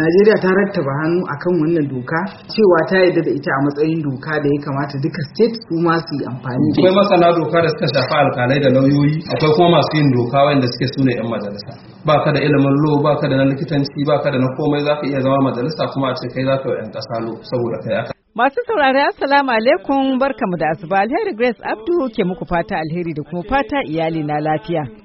Najeriya ta rattaba hannu akan wannan doka cewa ta yarda da ita a matsayin doka da ya kamata duka state su ma su yi amfani da akwai masana doka da suka shafi alkalai da lauyoyi akwai kuma masu yin doka wanda suke su ne yan majalisa ba ka da ilimin lo ba ka da na likitanci ba ka da na komai za ka iya zama majalisa kuma a ce kai za ka yi yan ƙasa lo saboda kai aka Masu saurari Assalamu alaikum barkamu da asuba alheri Grace Abdu ke muku fata alheri da kuma fata iyali na lafiya.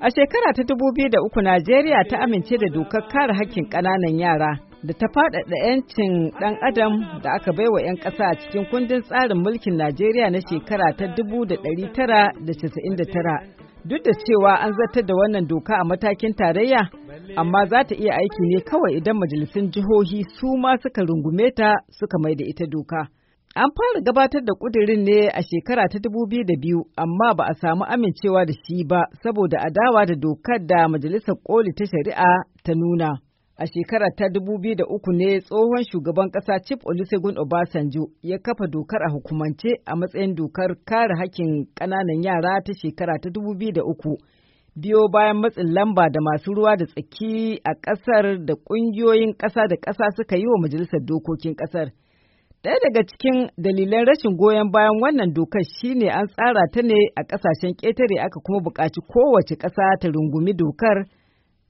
A shekara ta da uku Najeriya ta amince da dokar kare hakkin ƙananan yara da ta faɗaɗa 'yancin ɗan adam da aka baiwa 'yan ƙasa a cikin kundin tsarin mulkin Najeriya na shekara ta 1999. Duk da cewa an zartar da wannan doka a matakin tarayya, amma za ta iya aiki ne kawai idan majalisun jihohi su ma suka rungume ta suka mai da ita doka. An fara gabatar da ƙudirin ne a shekara ta 2002 amma ba a samu amincewa da shi ba saboda a dawa da dokar da Majalisar Koli ta Shari'a ta nuna. A shekara ta 2003 ne tsohon shugaban ƙasa Chief Olusegun Obasanjo ya kafa dokar a hukumance a matsayin dokar kare hakkin ƙananan yara ta shekara ta 2003 biyo bayan matsin lamba da masu ruwa da tsaki a ƙasar da ƙungiyoyin ƙasa da ƙasa suka yi wa Majalisar Dokokin ƙasar. Ɗaya daga cikin dalilan rashin goyon bayan wannan dokar shine an tsara ta ne a ƙasashen ƙetare aka kuma buƙaci kowace ƙasa ta rungumi dokar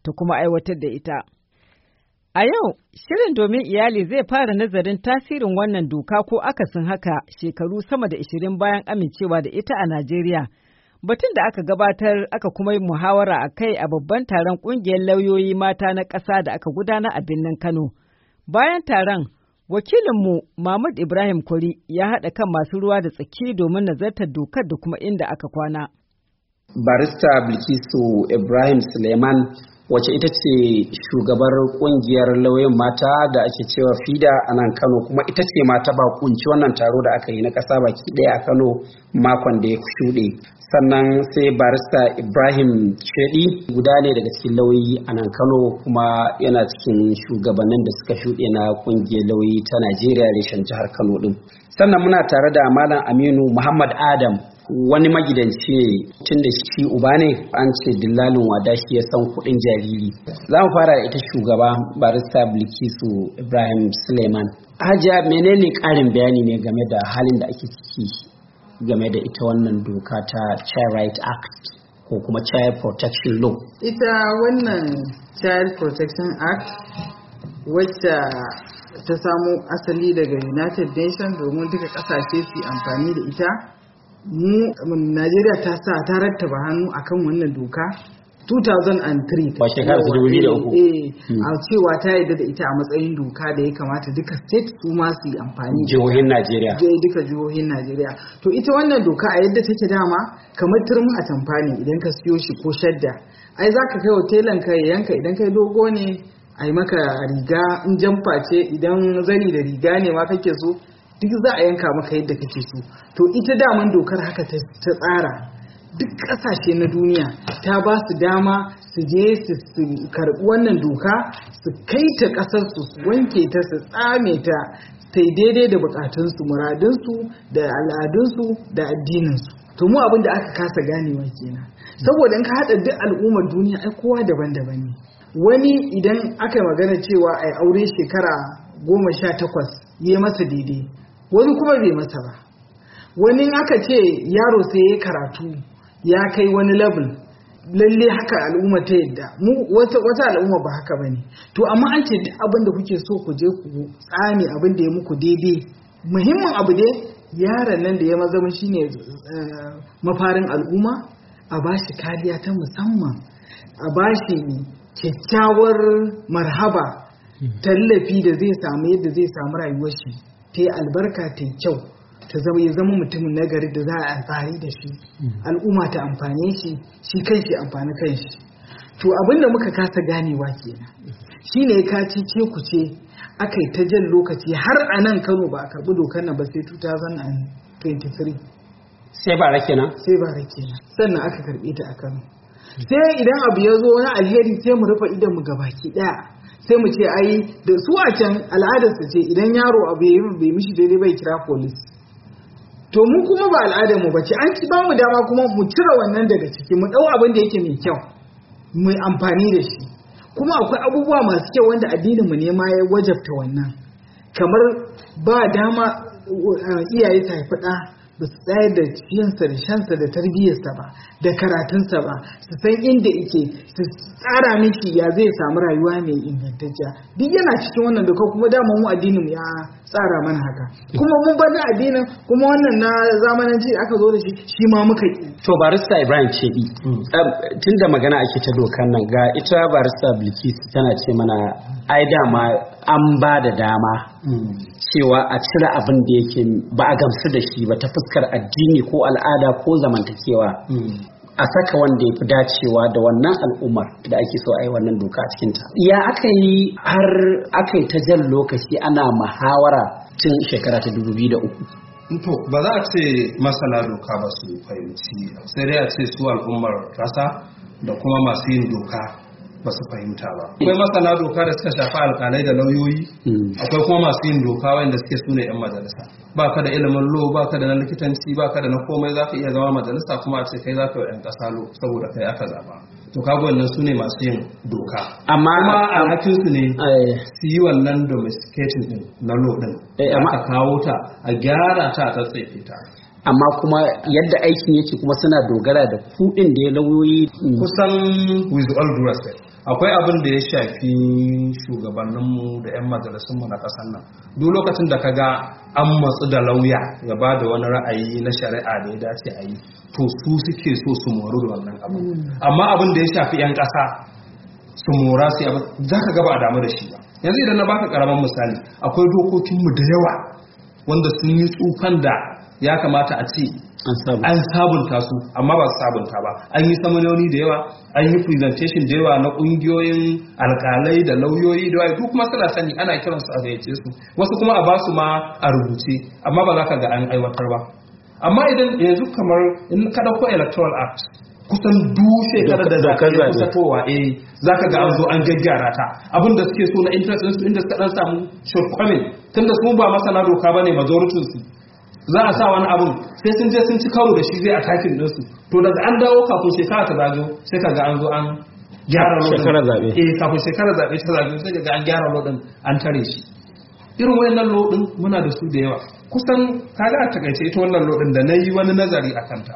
ta kuma aiwatar da ita. A yau, shirin domin iyali zai fara nazarin tasirin wannan doka ko akasin haka shekaru sama da ishirin bayan amincewa da ita a Najeriya. Batun da aka gabatar aka kuma yi muhawara a kai a babban taron ƙungiyar lauyoyi mata na ƙasa da aka gudana a birnin Kano. Bayan taron, Wakilinmu Mahmud Ibrahim Kwari ya haɗa kan masu ruwa da tsaki domin nazartar dokar da kuma inda aka kwana. Barista Bilkisu Ibrahim Suleiman Wace ita ce shugabar kungiyar lauyan mata da ake cewa fida a nan kano kuma ita ce mata ba kunci wannan taro da aka yi na kasa baki daya a kano makon da ya shuɗe sannan sai barista ibrahim shedi guda ne daga cikin lauyi a nan kano kuma yana cikin shugabannin da suka shuɗe na kungiyar lauyi ta najeriya reshen jihar kano din sannan muna tare da malam aminu muhammad adam wani magidanci ne tun da shi uba ne an ce dillalin wada shi ya san kuɗin jariri za mu fara da ita shugaba barista bilkisu ibrahim suleiman hajiya menene ƙarin bayani ne game da halin da ake ciki game da ita wannan doka ta child right act ko kuma child protection law ita wannan child protection act wacce ta samo asali daga united nations domin duka kasashe su amfani da ita Najeriya ta sa ta rattaba hannu akan wannan doka 2003 ta eh, eh, hmm. a cewa ta yarda da ita a matsayin doka da ya kamata duka state su masu yi amfani jihohin Najeriya duka jihohin Najeriya to ita wannan doka a yadda take dama kamar turmi a tamfani idan ka siyo shi ko shadda ai zaka kai wa telan ka yanka idan kai dogo ne ai maka riga in jamfa ce idan zani da riga ne ma kake so duk za a yanka maka yadda kake so to ita daman dokar haka ta tsara duk ƙasashe na duniya ta ba su dama su je su karɓi wannan doka su kai ta ƙasar su wanke ta su tsame ta ta daidai da bukatunsu muradunsu da al'adunsu da addininsu to mu abin da aka kasa ganewa kenan saboda in ka haɗa duk al'ummar duniya ai kowa daban-daban ne wani idan aka magana cewa ai aure shekara goma sha takwas ya masa daidai wani kuma bai masa ba wani aka ce yaro sai ya karatu ya kai wani level lalle haka al'umma ta yadda wata al'umma ba haka bane to amma an ce duk abin da kuke so ku je ku tsame abinda ya muku daidai muhimmin abu dai yaron nan da ya zama shine eh, mafarin al'umma a bashi kariya ta musamman a bashi kyakkyawar marhaba hmm. tallafi da zai samu yadda zai samu rayuwar shi ta yi albarka ta yi kyau ta zama ya zama mutumin nagari da za a amfani da shi mm-hmm. al'umma ta amfani shi shi kai shi amfani kai shi to abin da muka kasa ganewa kenan ne ka ci ce ku ce aka yi ta jan lokaci har a nan kano ba a karɓi dokar nan ba sai 2023 sai bara kenan sai bara kenan sannan aka karɓe ta a kano sai idan abu ya zo wani alheri sai mu rufe idan mu gabaki ɗaya sai mu ce ai da su a can al'adar su ce idan yaro abu ya bai mishi daidai bai kira polis to mu kuma ba al'adar mu bace an ba mu dama kuma mu cire wannan daga ciki mu dau abin da yake mai kyau mu amfani da shi kuma akwai abubuwa masu kyau wanda addinin mu ne ma ya wajabta wannan kamar ba dama uh, iyaye ta haifi ɗa ba su tsayar da ciyansa da shansa da tarbiyyarsa ba da karatunsa ba su san inda yake su tsara miki ya zai samu rayuwa mai ingantacciya duk yana cikin wannan doka kuma dama mu addinin ya tsara mana haka kuma mun bar da addinin kuma wannan na zamananci aka zo da shi shi ma muka yi to barista Ibrahim ce um, tunda magana ake ta dokan nan ga ita barista Bilkis tana ce mana ai dama an ba da dama hmm. cewa a cire abin da yake ba a gamsu da shi ba ta fuskar addini ko al'ada ko zamantakewa hmm. a saka wanda ya fi dacewa da wannan al'ummar da ake so a yi wannan doka a cikinta. Ya aka yi har aka yi ta jan lokaci ana muhawara tun shekara ta uku. To ba za a ce masana doka ba su fahimci sai dai a ce su al'ummar rasa da kuma masu yin doka ba su fahimta ba akwai masana doka da suka shafi alkalai da lauyoyi mm. akwai kuma masu yin doka wanda suke sune yan majalisa ba ka da ilimin lo ba ka da na likitanci ba ka da na komai za ka iya zama majalisa kuma a ce kai za ka yi yan lo saboda kai aka zaba to kaga wannan su ne masu yin doka amma a hakin su ne eh. su yi wannan domesticating din na lo din eh, a kawo ta a gyara ta a tsatsefe ta amma kuma yadda aikin yake kuma suna dogara da kuɗin da ya lauyoyi kusan with all due respect akwai abin da ya shafi shugabanninmu da 'yan majalisunmu na ƙasar nan duk lokacin da ka ga an matsu da lauya ya ba da wani ra'ayi na shari'a da ya dace a yi to su suke so su moru da wannan abu hmm. amma abin da ya shafi 'yan ƙasa su mora su abu za ka gaba a damu da shi yanzu idan na baka karamin misali akwai dokokinmu da yawa wanda sun yi tsufan da ya kamata a ce an sabunta su amma ba su sabunta ba an yi samanoni da yawa an yi presentation da yawa na kungiyoyin alkalai da lauyoyi da yawa duk kuma suna sani ana kiran su a gayyace su wasu kuma a basu ma a rubuce amma ba za ka ga an aiwatar ba amma idan yanzu kamar in ka dauko electoral act kusan dushe kada da za ka kusa towa eh za ka ga an zo an gaggara ta abinda suke so na interest su inda suka dan samu shortcoming tunda su ba masana doka bane ne su za a sa wani abun sai sun je sun ci karo da shi zai a takin ɗinsu to daga an dawo kafin shekara ta zago sai ka ga an zo an gyara shekara zaɓe eh kafin shekara zaɓe ta zago sai ka ga an gyara lodin an tare shi irin wannan lodin muna da su da yawa kusan kaga a takaice ita wannan lodin da na yi wani nazari a kanta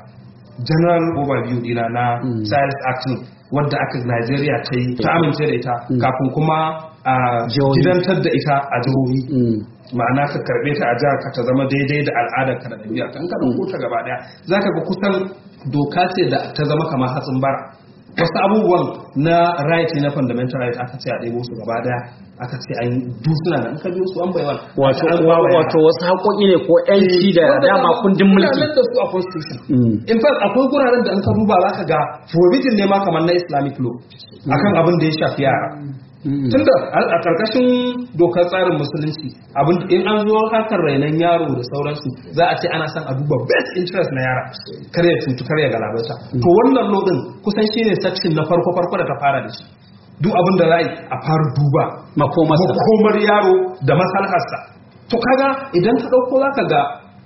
general overview dina na mm. science action wadda aka Najeriya ta yi ta mm. amince da ita mm. kafin kuma a ah, gidantar da ita a jihohi ma'ana ka karbe ta a jihar ka ta zama daidai da al'adar ka da ɗabi'ar ka in ka ɗauko ta gaba ɗaya za ka ga kusan doka ce da ta zama kamar hatsin bara wasu abubuwan na right na fundamental right aka ce a ɗebo su gaba daya aka ce an dusuna da aka biyo su an baiwan wato wato wasu haƙoƙi ne ko yanci eh, da dama kundin mulki kuna da su a constitution mm. in fact akwai guraren da an ka duba za ka ga forbidden ne ma kamar na islamic law akan abin da ya shafi yara tunda a karkashin dokar tsarin musulunci abin in an zo harkar rainon yaro da sauransu za a ce ana son a duba best interest na yara kar ya cutu kar ya galabaita mm. to wannan lodin kusan shine section na farko farko da ta fara da shi duk abin da za a fara duba makomar yaro da masalharsa to kaga idan ka dauko zaka ga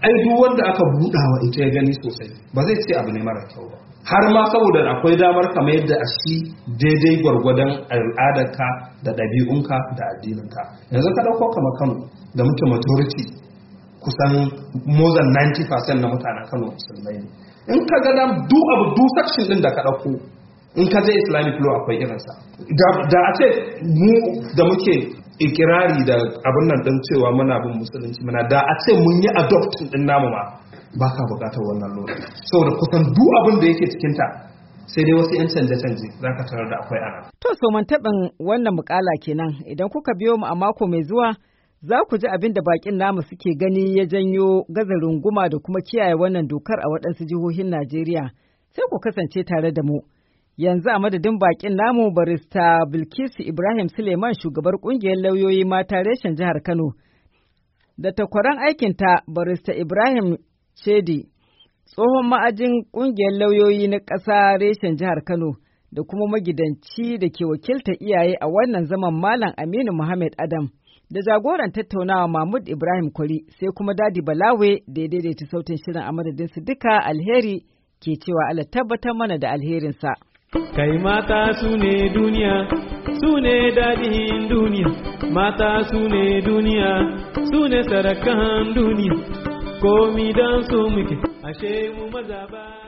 ai duk wanda aka buɗa wa ita ya gani sosai ba zai ce abu ne mara kyau ba har ma saboda akwai damar kamar yadda a shi daidai gwargwadon al'adarka da ɗabi'unka da addininka yanzu ka ɗauko kamar kano da muke majority kusan more than 90% na mutanen kano musulmai ne in ka ga duk abu duk section ɗin da ka ɗauko in ka je islamic law akwai irinsa da a ce mu da muke ikirari da abin nan din cewa muna bin musulunci muna da a ce mun yi adoptin din namu ma ba ka bukatar wannan lura saboda kusan duk abin da yake cikinta sai dai wasu 'yan canje-canje za ka tarar da akwai ana. To, so man taɓin wannan mukala kenan idan kuka biyo mu a mako mai zuwa za ku ji abin da bakin namu suke gani ya janyo gazarin runguma da kuma kiyaye wannan dokar a waɗansu jihohin Najeriya. Sai ku kasance tare da mu. yanzu a madadin bakin namu barista bilkisu ibrahim suleiman shugabar kungiyar lauyoyi mata reshen jihar kano da takwaran aikinta barista ibrahim shedi tsohon ma'ajin kungiyar lauyoyi na ƙasa reshen jihar kano da kuma magidanci da ke wakilta iyaye a wannan zaman malam aminu muhammad adam da jagoran tattaunawa mahmud ibrahim kwari sai kuma dadi balawe da ya daidaita sautin shirin a su duka alheri ke cewa ala tabbatar mana da alherinsa. Kai mata su ne duniya, su ne dadihin duniya, mata su ne duniya, su ne sarakan duniya, komi don su muke, ashe mu maza ba.